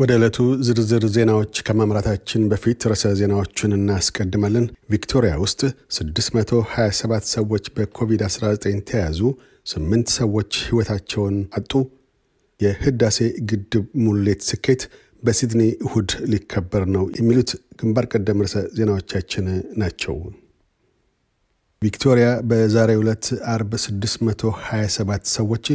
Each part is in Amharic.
ወደ ዕለቱ ዝርዝር ዜናዎች ከማምራታችን በፊት ርዕሰ ዜናዎቹን እናስቀድማለን። ቪክቶሪያ ውስጥ 627 ሰዎች በኮቪድ-19 ተያዙ፣ ስምንት ሰዎች ሕይወታቸውን አጡ። የህዳሴ ግድብ ሙሌት ስኬት በሲድኒ እሁድ ሊከበር ነው። የሚሉት ግንባር ቀደም ርዕሰ ዜናዎቻችን ናቸው። ቪክቶሪያ በዛሬ ዕለት አርብ 627 ሰዎች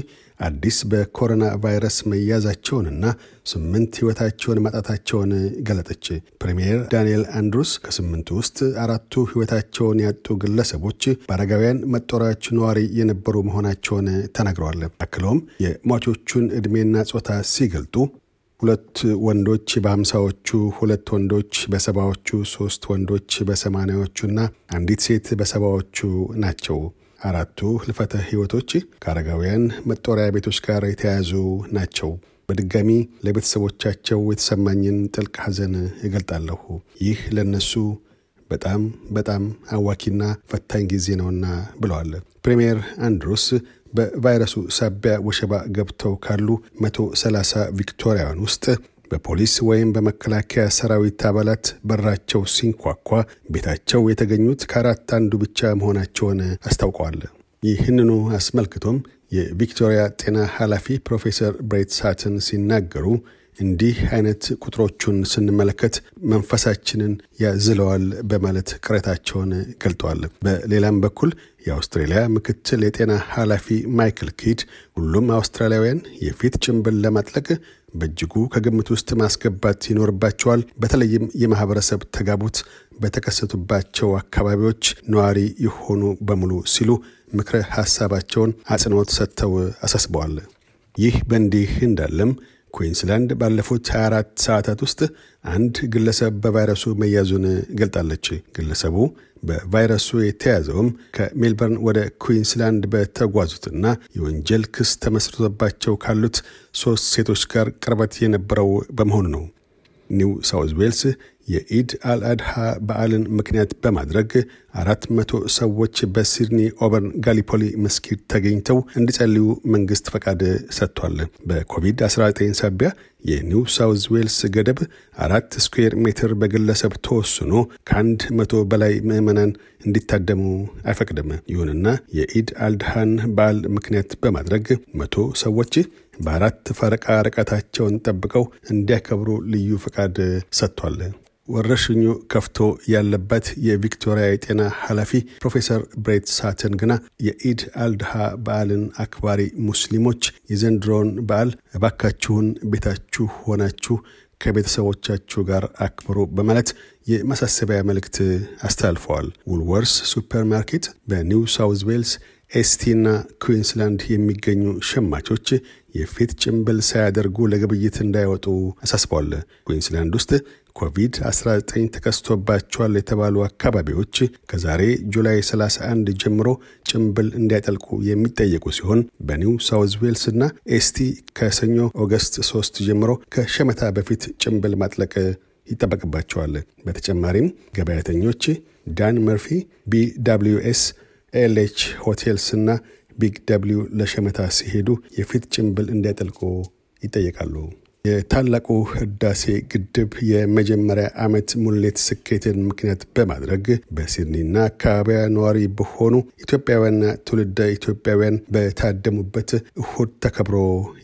አዲስ በኮሮና ቫይረስ መያዛቸውንና ስምንት ሕይወታቸውን ማጣታቸውን ገለጠች። ፕሪምየር ዳንኤል አንድሩስ ከስምንቱ ውስጥ አራቱ ሕይወታቸውን ያጡ ግለሰቦች በአረጋውያን መጦሪያዎች ነዋሪ የነበሩ መሆናቸውን ተናግረዋል። አክለውም የሟቾቹን ዕድሜና ጾታ ሲገልጡ ሁለት ወንዶች በአምሳዎቹ ሁለት ወንዶች በሰባዎቹ ሶስት ወንዶች ና አንዲት ሴት በሰባዎቹ ናቸው። አራቱ ህልፈተ ህይወቶች ከአረጋውያን መጦሪያ ቤቶች ጋር የተያያዙ ናቸው። በድጋሚ ለቤተሰቦቻቸው የተሰማኝን ጥልቅ ሐዘን እገልጣለሁ። ይህ ለነሱ በጣም በጣም አዋኪና ፈታኝ ጊዜ ነውና ብለዋል ፕሪምየር አንድሩስ በቫይረሱ ሳቢያ ወሸባ ገብተው ካሉ 130 ቪክቶሪያውያን ውስጥ በፖሊስ ወይም በመከላከያ ሰራዊት አባላት በራቸው ሲንኳኳ ቤታቸው የተገኙት ከአራት አንዱ ብቻ መሆናቸውን አስታውቀዋል። ይህንኑ አስመልክቶም የቪክቶሪያ ጤና ኃላፊ ፕሮፌሰር ብሬት ሳትን ሲናገሩ እንዲህ አይነት ቁጥሮቹን ስንመለከት መንፈሳችንን ያዝለዋል በማለት ቅሬታቸውን ገልጠዋል። በሌላም በኩል የአውስትሬልያ ምክትል የጤና ኃላፊ ማይክል ኪድ ሁሉም አውስትራሊያውያን የፊት ጭንብል ለማጥለቅ በእጅጉ ከግምት ውስጥ ማስገባት ይኖርባቸዋል። በተለይም የማህበረሰብ ተጋቡት በተከሰቱባቸው አካባቢዎች ነዋሪ የሆኑ በሙሉ ሲሉ ምክረ ሐሳባቸውን አጽንኦት ሰጥተው አሳስበዋል። ይህ በእንዲህ እንዳለም ኩዊንስላንድ ባለፉት 24 ሰዓታት ውስጥ አንድ ግለሰብ በቫይረሱ መያዙን ገልጣለች። ግለሰቡ በቫይረሱ የተያዘውም ከሜልበርን ወደ ኩዊንስላንድ በተጓዙትና የወንጀል ክስ ተመስርቶባቸው ካሉት ሦስት ሴቶች ጋር ቅርበት የነበረው በመሆኑ ነው። ኒው ሳውዝ ዌልስ የኢድ አልአድሃ በዓልን ምክንያት በማድረግ አራት መቶ ሰዎች በሲድኒ ኦበርን ጋሊፖሊ መስጊድ ተገኝተው እንዲጸልዩ መንግስት ፈቃድ ሰጥቷል። በኮቪድ-19 ሳቢያ የኒው ሳውዝ ዌልስ ገደብ አራት ስኩዌር ሜትር በግለሰብ ተወስኖ ከአንድ መቶ በላይ ምዕመናን እንዲታደሙ አይፈቅድም። ይሁንና የኢድ አልድሃን በዓል ምክንያት በማድረግ መቶ ሰዎች በአራት ፈረቃ ርቀታቸውን ጠብቀው እንዲያከብሩ ልዩ ፈቃድ ሰጥቷል። ወረርሽኙ ከፍቶ ያለበት የቪክቶሪያ የጤና ኃላፊ ፕሮፌሰር ብሬት ሳትን ግና የኢድ አልድሃ በዓልን አክባሪ ሙስሊሞች የዘንድሮውን በዓል እባካችሁን ቤታችሁ ሆናችሁ ከቤተሰቦቻችሁ ጋር አክብሩ በማለት የማሳሰቢያ መልእክት አስተላልፈዋል። ውልወርስ ሱፐርማርኬት በኒው ሳውዝ ዌልስ ና ኩዊንስላንድ የሚገኙ ሸማቾች የፊት ጭንብል ሳያደርጉ ለግብይት እንዳይወጡ አሳስበዋል። ኩዊንስላንድ ውስጥ ኮቪድ-19 ተከስቶባቸዋል የተባሉ አካባቢዎች ከዛሬ ጁላይ 31 ጀምሮ ጭምብል እንዲያጠልቁ የሚጠየቁ ሲሆን በኒው ሳውዝ ዌልስ እና ኤስቲ ከሰኞ ኦገስት 3 ጀምሮ ከሸመታ በፊት ጭምብል ማጥለቅ ይጠበቅባቸዋል። በተጨማሪም ገበያተኞች ዳን መርፊ፣ ቢደብሊውኤስ፣ ኤልች ሆቴልስ እና ቢግ ለሸመታ ሲሄዱ የፊት ጭምብል እንዲያጠልቁ ይጠየቃሉ። የታላቁ ህዳሴ ግድብ የመጀመሪያ ዓመት ሙሌት ስኬትን ምክንያት በማድረግ በሲድኒና አካባቢያ ነዋሪ በሆኑ ኢትዮጵያውያንና ትውልደ ኢትዮጵያውያን በታደሙበት እሁድ ተከብሮ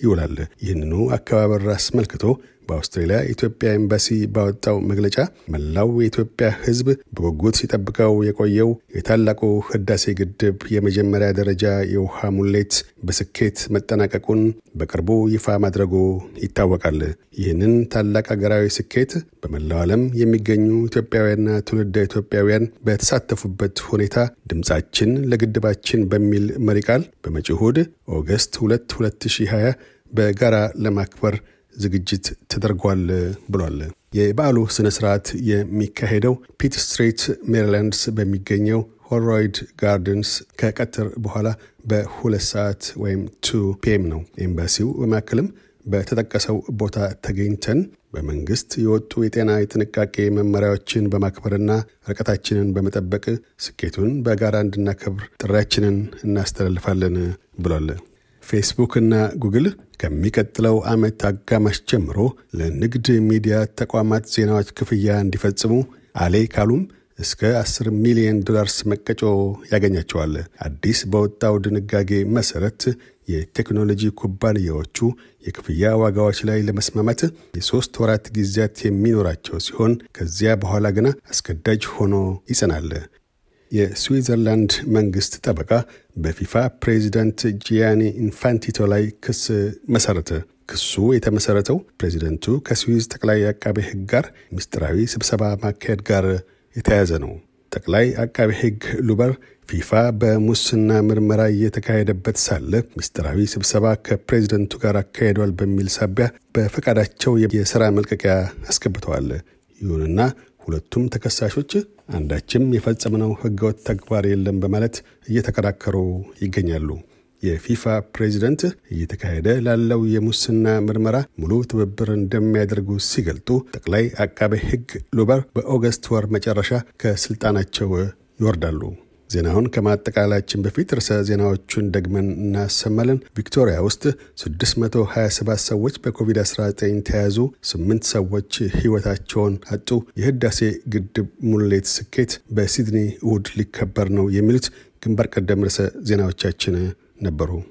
ይውላል። ይህንኑ አከባበር አስመልክቶ በአውስትሬልያ ኢትዮጵያ ኤምባሲ ባወጣው መግለጫ መላው የኢትዮጵያ ሕዝብ በጉጉት ሲጠብቀው የቆየው የታላቁ ህዳሴ ግድብ የመጀመሪያ ደረጃ የውሃ ሙሌት በስኬት መጠናቀቁን በቅርቡ ይፋ ማድረጉ ይታወቃል። ይህንን ታላቅ አገራዊ ስኬት በመላው ዓለም የሚገኙ ኢትዮጵያውያንና ትውልደ ኢትዮጵያውያን በተሳተፉበት ሁኔታ ድምፃችን ለግድባችን በሚል መሪ ቃል በመጪው እሁድ ኦገስት 2 2020 በጋራ ለማክበር ዝግጅት ተደርጓል ብሏል። የበዓሉ ስነ ስርዓት የሚካሄደው ፒት ስትሪት ሜሪላንድስ በሚገኘው ሆሮይድ ጋርደንስ ከቀትር በኋላ በሁለት ሰዓት ወይም ቱ ፒኤም ነው። ኤምባሲው በማከልም በተጠቀሰው ቦታ ተገኝተን በመንግስት የወጡ የጤና የጥንቃቄ መመሪያዎችን በማክበርና ርቀታችንን በመጠበቅ ስኬቱን በጋራ እንድናከብር ጥሪያችንን እናስተላልፋለን ብሏል። ፌስቡክ እና ጉግል ከሚቀጥለው ዓመት አጋማሽ ጀምሮ ለንግድ ሚዲያ ተቋማት ዜናዎች ክፍያ እንዲፈጽሙ አሌ ካሉም እስከ 10 ሚሊዮን ዶላርስ መቀጮ ያገኛቸዋል። አዲስ በወጣው ድንጋጌ መሠረት የቴክኖሎጂ ኩባንያዎቹ የክፍያ ዋጋዎች ላይ ለመስማማት የሶስት ወራት ጊዜያት የሚኖራቸው ሲሆን ከዚያ በኋላ ግና አስገዳጅ ሆኖ ይጸናል። የስዊዘርላንድ መንግስት ጠበቃ በፊፋ ፕሬዚደንት ጂያኒ ኢንፋንቲቶ ላይ ክስ መሰረተ ክሱ የተመሰረተው ፕሬዚደንቱ ከስዊዝ ጠቅላይ አቃቤ ሕግ ጋር ምስጢራዊ ስብሰባ ማካሄድ ጋር የተያያዘ ነው። ጠቅላይ አቃቤ ህግ ሉበር ፊፋ በሙስና ምርመራ እየተካሄደበት ሳለ ምስጢራዊ ስብሰባ ከፕሬዚደንቱ ጋር አካሄዷል በሚል ሳቢያ በፈቃዳቸው የሥራ መልቀቂያ አስገብተዋል። ይሁንና ሁለቱም ተከሳሾች አንዳችም የፈጸምነው ህገወጥ ተግባር የለም በማለት እየተከራከሩ ይገኛሉ። የፊፋ ፕሬዚደንት እየተካሄደ ላለው የሙስና ምርመራ ሙሉ ትብብር እንደሚያደርጉ ሲገልጡ፣ ጠቅላይ አቃቤ ህግ ሉበር በኦገስት ወር መጨረሻ ከስልጣናቸው ይወርዳሉ። ዜናውን ከማጠቃላችን በፊት ርዕሰ ዜናዎቹን ደግመን እናሰማለን። ቪክቶሪያ ውስጥ 627 ሰዎች በኮቪድ-19 ተያዙ፣ ስምንት ሰዎች ህይወታቸውን አጡ፣ የህዳሴ ግድብ ሙሌት ስኬት በሲድኒ እሁድ ሊከበር ነው የሚሉት ግንባር ቀደም ርዕሰ ዜናዎቻችን ነበሩ።